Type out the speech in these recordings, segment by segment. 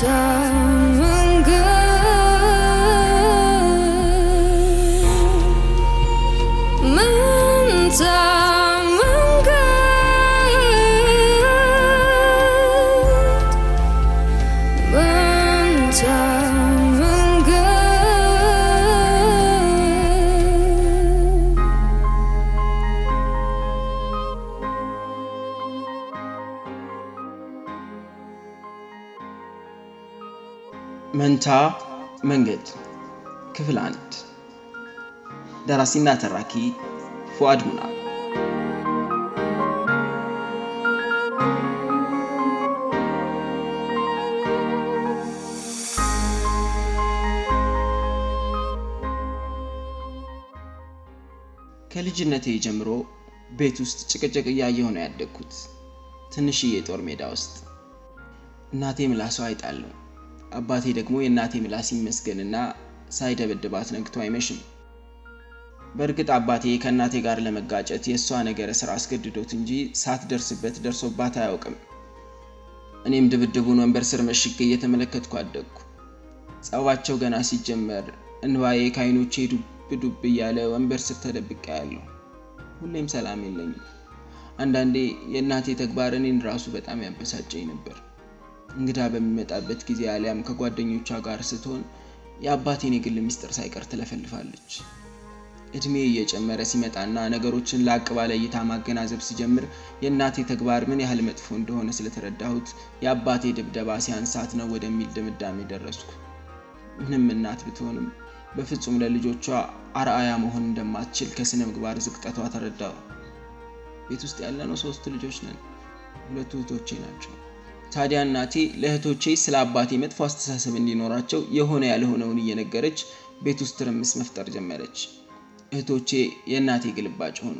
time መንታ መንገድ ክፍል አንድ ደራሲና ተራኪ ፉአድ ሙና። ከልጅነቴ ጀምሮ ቤት ውስጥ ጭቅጭቅ እያየሁ ነው ያደግኩት። ትንሽዬ ጦር ሜዳ ውስጥ እናቴ ምላሷ አይጣለሁ አባቴ ደግሞ የእናቴ ምላስ ይመስገንና ሳይደበድባት ነግቶ አይመሽም። በእርግጥ አባቴ ከእናቴ ጋር ለመጋጨት የእሷ ነገር ስራ አስገድዶት እንጂ ሳትደርስበት ደርሶባት አያውቅም። እኔም ድብድቡን ወንበር ስር መሽጌ እየተመለከትኩ አደግኩ። ጸባቸው ገና ሲጀመር እንባዬ ከአይኖቼ ዱብ ዱብ እያለ ወንበር ስር ተደብቀ ያለው። ሁሌም ሰላም የለኝም። አንዳንዴ የእናቴ ተግባር እኔን ራሱ በጣም ያበሳጨኝ ነበር። እንግዳ በሚመጣበት ጊዜ አሊያም ከጓደኞቿ ጋር ስትሆን የአባቴን የግል ሚስጥር ሳይቀር ትለፈልፋለች። እድሜ እየጨመረ ሲመጣና ነገሮችን ለአቅባለ ባለ እይታ ማገናዘብ ሲጀምር የእናቴ ተግባር ምን ያህል መጥፎ እንደሆነ ስለተረዳሁት የአባቴ ድብደባ ሲያንሳት ነው ወደሚል ድምዳሜ ደረስኩ። ምንም እናት ብትሆንም በፍጹም ለልጆቿ አርአያ መሆን እንደማትችል ከስነ ምግባር ዝቅጠቷ ተረዳው ቤት ውስጥ ያለነው ሶስት ልጆች ነን። ሁለቱ እህቶቼ ናቸው። ታዲያ እናቴ ለእህቶቼ ስለ አባቴ መጥፎ አስተሳሰብ እንዲኖራቸው የሆነ ያልሆነውን እየነገረች ቤት ውስጥ ትርምስ መፍጠር ጀመረች። እህቶቼ የእናቴ ግልባጭ ሆኑ።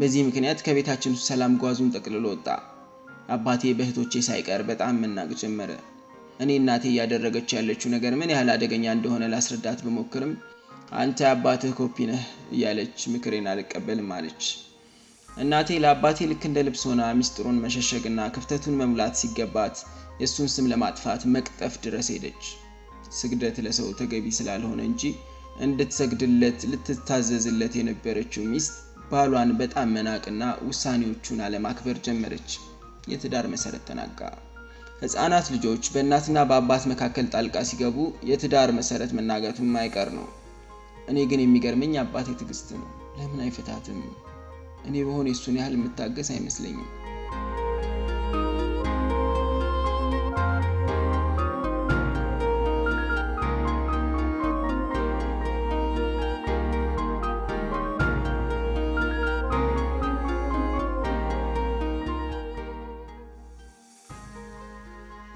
በዚህ ምክንያት ከቤታችን ሰላም ጓዙን ጠቅልሎ ወጣ። አባቴ በእህቶቼ ሳይቀር በጣም መናቅ ጀመረ። እኔ እናቴ እያደረገች ያለችው ነገር ምን ያህል አደገኛ እንደሆነ ላስረዳት ብሞክርም አንተ አባትህ ኮፒ ነህ እያለች ምክሬን አልቀበልም አለች። እናቴ ለአባቴ ልክ እንደ ልብስ ሆና ሚስጥሩን መሸሸግና ክፍተቱን መሙላት ሲገባት የእሱን ስም ለማጥፋት መቅጠፍ ድረስ ሄደች። ስግደት ለሰው ተገቢ ስላልሆነ እንጂ እንድትሰግድለት ልትታዘዝለት የነበረችው ሚስት ባሏን በጣም መናቅና ውሳኔዎቹን አለማክበር ጀመረች። የትዳር መሰረት ተናጋ። ህፃናት ልጆች በእናትና በአባት መካከል ጣልቃ ሲገቡ የትዳር መሰረት መናጋቱ የማይቀር ነው። እኔ ግን የሚገርመኝ አባቴ ትዕግስት ነው። ለምን አይፈታትም? እኔ በሆነ እሱን ያህል የምታገስ አይመስለኝም።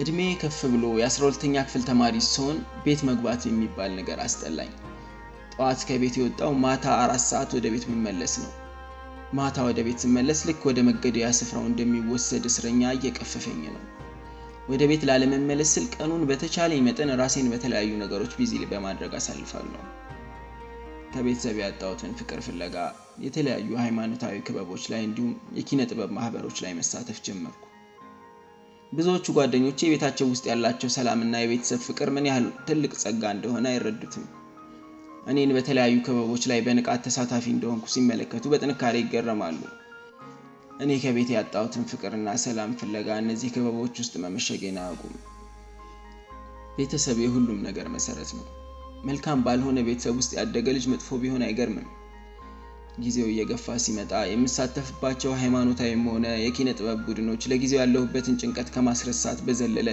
እድሜ ከፍ ብሎ የ12ተኛ ክፍል ተማሪ ሲሆን ቤት መግባት የሚባል ነገር አስጠላኝ። ጠዋት ከቤት የወጣው ማታ አራት ሰዓት ወደ ቤት የሚመለስ ነው። ማታ ወደ ቤት ስመለስ ልክ ወደ መገደያ ስፍራው እንደሚወሰድ እስረኛ እየቀፈፈኝ ነው። ወደ ቤት ላለመመለስ ስል ቀኑን በተቻለኝ መጠን ራሴን በተለያዩ ነገሮች ቢዚ በማድረግ አሳልፋለሁ። ከቤተሰብ ያጣሁትን ፍቅር ፍለጋ የተለያዩ ሃይማኖታዊ ክበቦች ላይ እንዲሁም የኪነ ጥበብ ማህበሮች ላይ መሳተፍ ጀመርኩ። ብዙዎቹ ጓደኞቼ ቤታቸው ውስጥ ያላቸው ሰላምና የቤተሰብ ፍቅር ምን ያህል ትልቅ ጸጋ እንደሆነ አይረዱትም። እኔን በተለያዩ ክበቦች ላይ በንቃት ተሳታፊ እንደሆንኩ ሲመለከቱ በጥንካሬ ይገረማሉ። እኔ ከቤት ያጣሁትን ፍቅርና ሰላም ፍለጋ እነዚህ ክበቦች ውስጥ መመሸጌን አያውቁም። ቤተሰብ የሁሉም ነገር መሰረት ነው። መልካም ባልሆነ ቤተሰብ ውስጥ ያደገ ልጅ መጥፎ ቢሆን አይገርምም። ጊዜው እየገፋ ሲመጣ የምሳተፍባቸው ሃይማኖታዊም ሆነ የኪነ ጥበብ ቡድኖች ለጊዜው ያለሁበትን ጭንቀት ከማስረሳት በዘለለ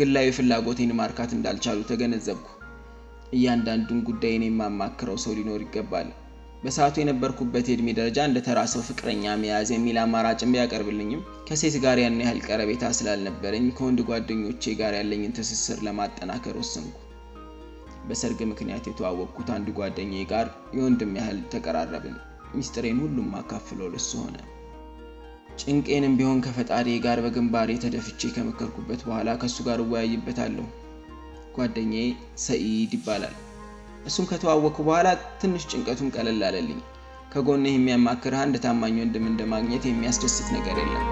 ግላዊ ፍላጎቴን ማርካት እንዳልቻሉ ተገነዘብኩ። እያንዳንዱን ጉዳይን የማማክረው ሰው ሊኖር ይገባል። በሰዓቱ የነበርኩበት የእድሜ ደረጃ እንደ ተራ ሰው ፍቅረኛ መያዝ የሚል አማራጭም ቢያቀርብልኝም ከሴት ጋር ያን ያህል ቀረቤታ ስላልነበረኝ ከወንድ ጓደኞቼ ጋር ያለኝን ትስስር ለማጠናከር ወሰንኩ። በሰርግ ምክንያት የተዋወቅኩት አንድ ጓደኛዬ ጋር የወንድም ያህል ተቀራረብን። ሚስጥሬን ሁሉም አካፍለው ለሱ ሆነ። ጭንቄንም ቢሆን ከፈጣሪ ጋር በግንባሬ ተደፍቼ ከመከርኩበት በኋላ ከእሱ ጋር እወያይበታለሁ። ጓደኛዬ ሰኢድ ይባላል። እሱን ከተዋወቅኩ በኋላ ትንሽ ጭንቀቱን ቀለል አለልኝ። ከጎንህ የሚያማክርህ አንድ ታማኝ ወንድም እንደማግኘት የሚያስደስት ነገር የለም።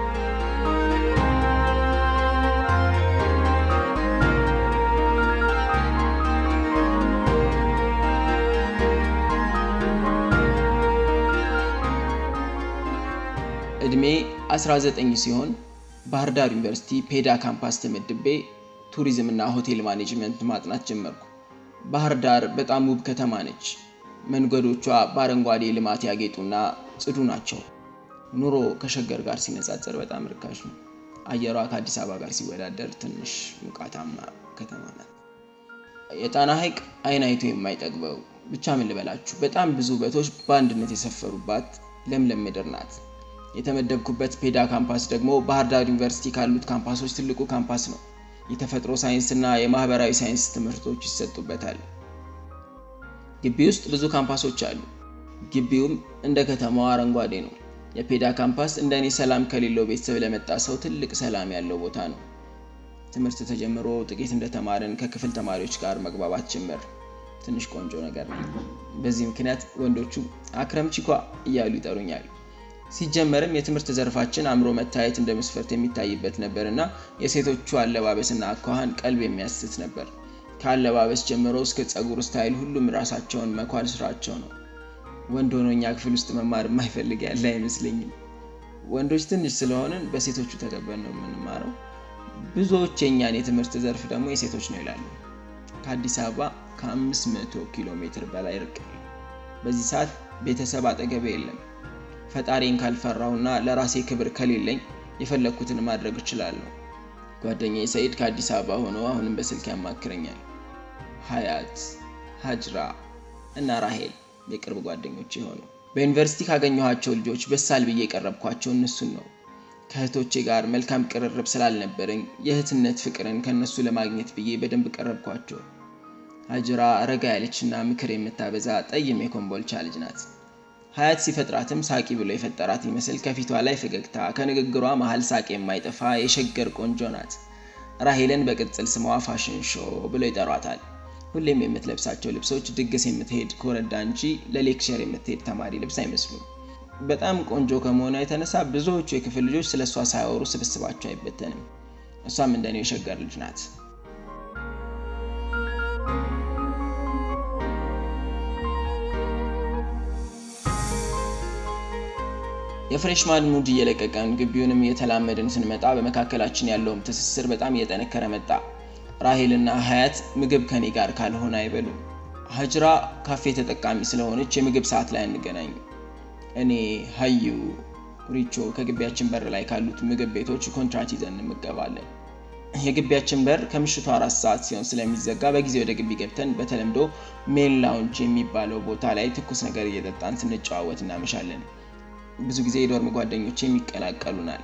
እድሜ 19 ሲሆን ባህር ዳር ዩኒቨርሲቲ ፔዳ ካምፓስ ተመድቤ ቱሪዝምና ሆቴል ማኔጅመንት ማጥናት ጀመርኩ። ባህር ዳር በጣም ውብ ከተማ ነች። መንገዶቿ በአረንጓዴ ልማት ያጌጡና ጽዱ ናቸው። ኑሮ ከሸገር ጋር ሲነጻጸር በጣም ርካሽ ነው። አየሯ ከአዲስ አበባ ጋር ሲወዳደር ትንሽ ሙቃታማ ከተማ ናት። የጣና ሐይቅ አይን አይቶ የማይጠግበው ብቻ ምን ልበላችሁ፣ በጣም ብዙ ውበቶች በአንድነት የሰፈሩባት ለምለም ምድር ናት። የተመደብኩበት ፔዳ ካምፓስ ደግሞ ባህር ዳር ዩኒቨርሲቲ ካሉት ካምፓሶች ትልቁ ካምፓስ ነው። የተፈጥሮ ሳይንስና የማህበራዊ ሳይንስ ትምህርቶች ይሰጡበታል። ግቢ ውስጥ ብዙ ካምፓሶች አሉ። ግቢውም እንደ ከተማው አረንጓዴ ነው። የፔዳ ካምፓስ እንደ እኔ ሰላም ከሌለው ቤተሰብ ለመጣ ሰው ትልቅ ሰላም ያለው ቦታ ነው። ትምህርት ተጀምሮ ጥቂት እንደተማርን ከክፍል ተማሪዎች ጋር መግባባት ጭምር ትንሽ ቆንጆ ነገር ነው። በዚህ ምክንያት ወንዶቹ አክረም ቺኳ እያሉ ይጠሩኛል። ሲጀመርም የትምህርት ዘርፋችን አእምሮ መታየት እንደ መስፈርት የሚታይበት ነበር የሴቶቹ አለባበስና አኳኋን ቀልብ የሚያስት ነበር። ከአለባበስ ጀምሮ እስከ ፀጉር ስታይል ሁሉም ራሳቸውን መኳል ስራቸው ነው። ወንድ ሆኖኛ ክፍል ውስጥ መማር የማይፈልግ ያለ አይመስለኝም። ወንዶች ትንሽ ስለሆንን በሴቶቹ ተከበን ነው የምንማረው። ብዙዎች የኛን የትምህርት ዘርፍ ደግሞ የሴቶች ነው ይላሉ። ከአዲስ አበባ ከ500 ኪሎ ሜትር በላይ ርቅ። በዚህ ሰዓት ቤተሰብ አጠገበ የለም። ፈጣሪን ካልፈራውና ለራሴ ክብር ከሌለኝ የፈለግኩትን ማድረግ እችላለሁ። ጓደኛ ሰይድ ከአዲስ አበባ ሆኖ አሁንም በስልክ ያማክረኛል። ሀያት፣ ሀጅራ እና ራሄል የቅርብ ጓደኞች የሆኑ በዩኒቨርሲቲ ካገኘኋቸው ልጆች በሳል ብዬ የቀረብኳቸው እነሱን ነው። ከእህቶቼ ጋር መልካም ቅርርብ ስላልነበረኝ የእህትነት ፍቅርን ከእነሱ ለማግኘት ብዬ በደንብ ቀረብኳቸው። ሀጅራ ረጋ ያለችና ምክር የምታበዛ ጠይም የኮምቦልቻ ልጅ ናት። ሀያት ሲፈጥራትም ሳቂ ብሎ የፈጠራት ይመስል ከፊቷ ላይ ፈገግታ፣ ከንግግሯ መሀል ሳቅ የማይጠፋ የሸገር ቆንጆ ናት። ራሄልን በቅጽል ስሟ ፋሽን ሾ ብሎ ይጠሯታል። ሁሌም የምትለብሳቸው ልብሶች ድግስ የምትሄድ ኮረዳ እንጂ ለሌክቸር የምትሄድ ተማሪ ልብስ አይመስሉም። በጣም ቆንጆ ከመሆኗ የተነሳ ብዙዎቹ የክፍል ልጆች ስለ እሷ ሳያወሩ ስብስባቸው አይበተንም። እሷም እንደኔው የሸገር ልጅ ናት። የፍሬሽማን ሙድ እየለቀቀን ግቢውንም እየተላመድን ስንመጣ በመካከላችን ያለውም ትስስር በጣም እየጠነከረ መጣ። ራሄልና ሀያት ምግብ ከኔ ጋር ካልሆነ አይበሉም። ሀጅራ ካፌ ተጠቃሚ ስለሆነች የምግብ ሰዓት ላይ አንገናኝ። እኔ ሀዩ ሪቾ ከግቢያችን በር ላይ ካሉት ምግብ ቤቶች ኮንትራት ይዘን እንመገባለን። የግቢያችን በር ከምሽቱ አራት ሰዓት ሲሆን ስለሚዘጋ በጊዜ ወደ ግቢ ገብተን በተለምዶ ሜን ላውንጅ የሚባለው ቦታ ላይ ትኩስ ነገር እየጠጣን ስንጨዋወት እናመሻለን። ብዙ ጊዜ የዶርም ጓደኞች የሚቀላቀሉናል።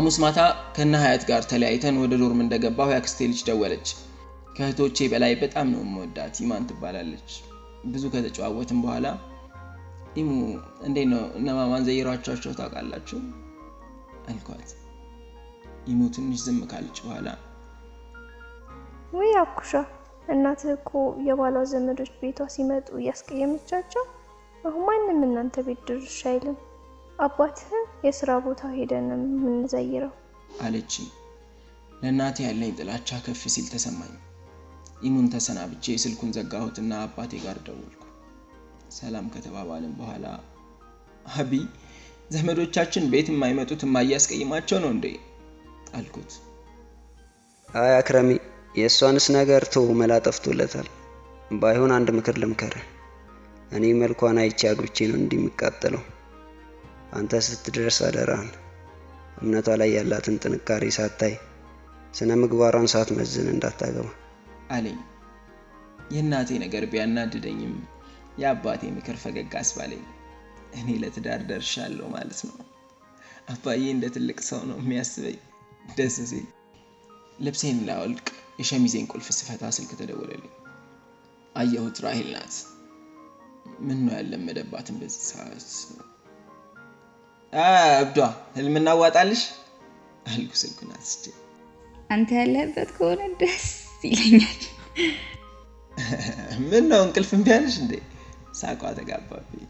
ሐሙስ ማታ ከነ ሀያት ጋር ተለያይተን ወደ ዶርም እንደገባሁ ያክስቴ ልጅ ደወለች። ከእህቶቼ በላይ በጣም ነው የምወዳት። ኢማን ትባላለች። ብዙ ከተጨዋወትን በኋላ ኢሙ እንዴ ነው እነማማን ዘይሯቸቸው ታውቃላችሁ አልኳት። ኢሙ ትንሽ ዝም ካለች በኋላ ወይ አኩሻ እናትህ እኮ የባሏ ዘመዶች ቤቷ ሲመጡ እያስቀየመቻቸው አሁን ማንም እናንተ ቤት ድርሻ አይልም አባትህ የስራ ቦታ ሄደን የምንዘይረው አለች። ለእናቴ ያለኝ ጥላቻ ከፍ ሲል ተሰማኝ። ኢሙን ተሰናብቼ ስልኩን ዘጋሁትና አባቴ ጋር ደወልኩ። ሰላም ከተባባልን በኋላ አቢ፣ ዘመዶቻችን ቤት የማይመጡት የማያስቀይማቸው ነው እንዴ አልኩት። አይ አክረሚ፣ የእሷንስ ነገር ቶ መላጠፍቶለታል ባይሆን አንድ ምክር ልምከር እኔ መልኳን አይቼ አግብቼ ነው እንዲህ የሚቃጠለው አንተ ስትደርስ አደራን እምነቷ ላይ ያላትን ጥንካሬ ሳታይ ስነ ምግባሯን ሳትመዝን እንዳታገባ አለኝ። የእናቴ ነገር ቢያናድደኝም የአባቴ ምክር ፈገግ አስባለኝ። እኔ ለትዳር ደርሻለሁ ማለት ነው። አባዬ እንደ ትልቅ ሰው ነው የሚያስበኝ። ደስ ሲል ልብሴን ላወልቅ የሸሚዜን ቁልፍ ስፈታ ስልክ ተደወለልኝ። አየሁት፣ ራሄል ናት። ምን ነው ያለመደባትን በዚህ ሰዓት? እብዷ ህልም እናዋጣልሽ አልኩ ስልኩን አንስቼ። አንተ ያለህበት ከሆነ ደስ ይለኛል። ምን ነው እንቅልፍ እምቢ አለሽ እንዴ? ሳቋ ተጋባብኝ።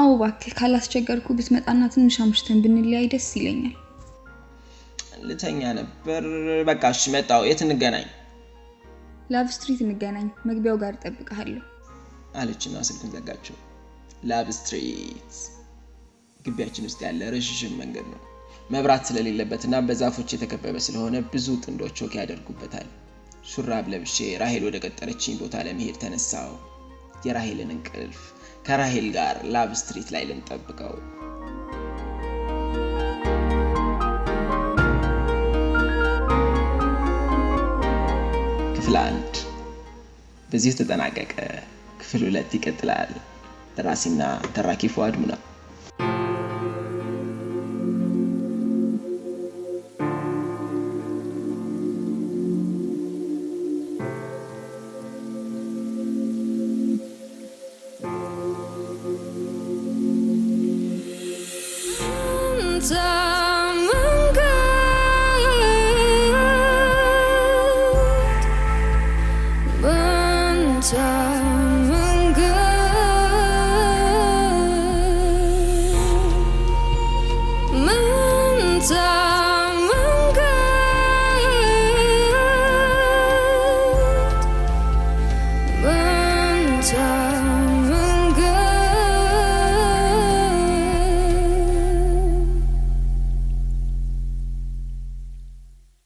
አዎ እባክህ ካላስቸገርኩ ብትመጣና ትንሽ አምሽተን ብንለያይ ደስ ይለኛል። ልተኛ ነበር። በቃ እሺ መጣሁ። የት እንገናኝ? ላቭ ስትሪት እንገናኝ፣ መግቢያው ጋር እጠብቅሃለሁ አለችና ስልኩን ዘጋችው። ላቭ ስትሪት ግቢያችን ውስጥ ያለ ረዥም መንገድ ነው። መብራት ስለሌለበትና በዛፎች የተከበበ ስለሆነ ብዙ ጥንዶች ወክ ያደርጉበታል። ሹራብ ለብሼ ራሄል ወደ ቀጠረችኝ ቦታ ለመሄድ ተነሳው። የራሄልን እንቅልፍ ከራሄል ጋር ላብ ስትሪት ላይ ልንጠብቀው ክፍል አንድ በዚህ ተጠናቀቀ። ክፍል ሁለት ይቀጥላል። ደራሲና ተራኪ ፉአድ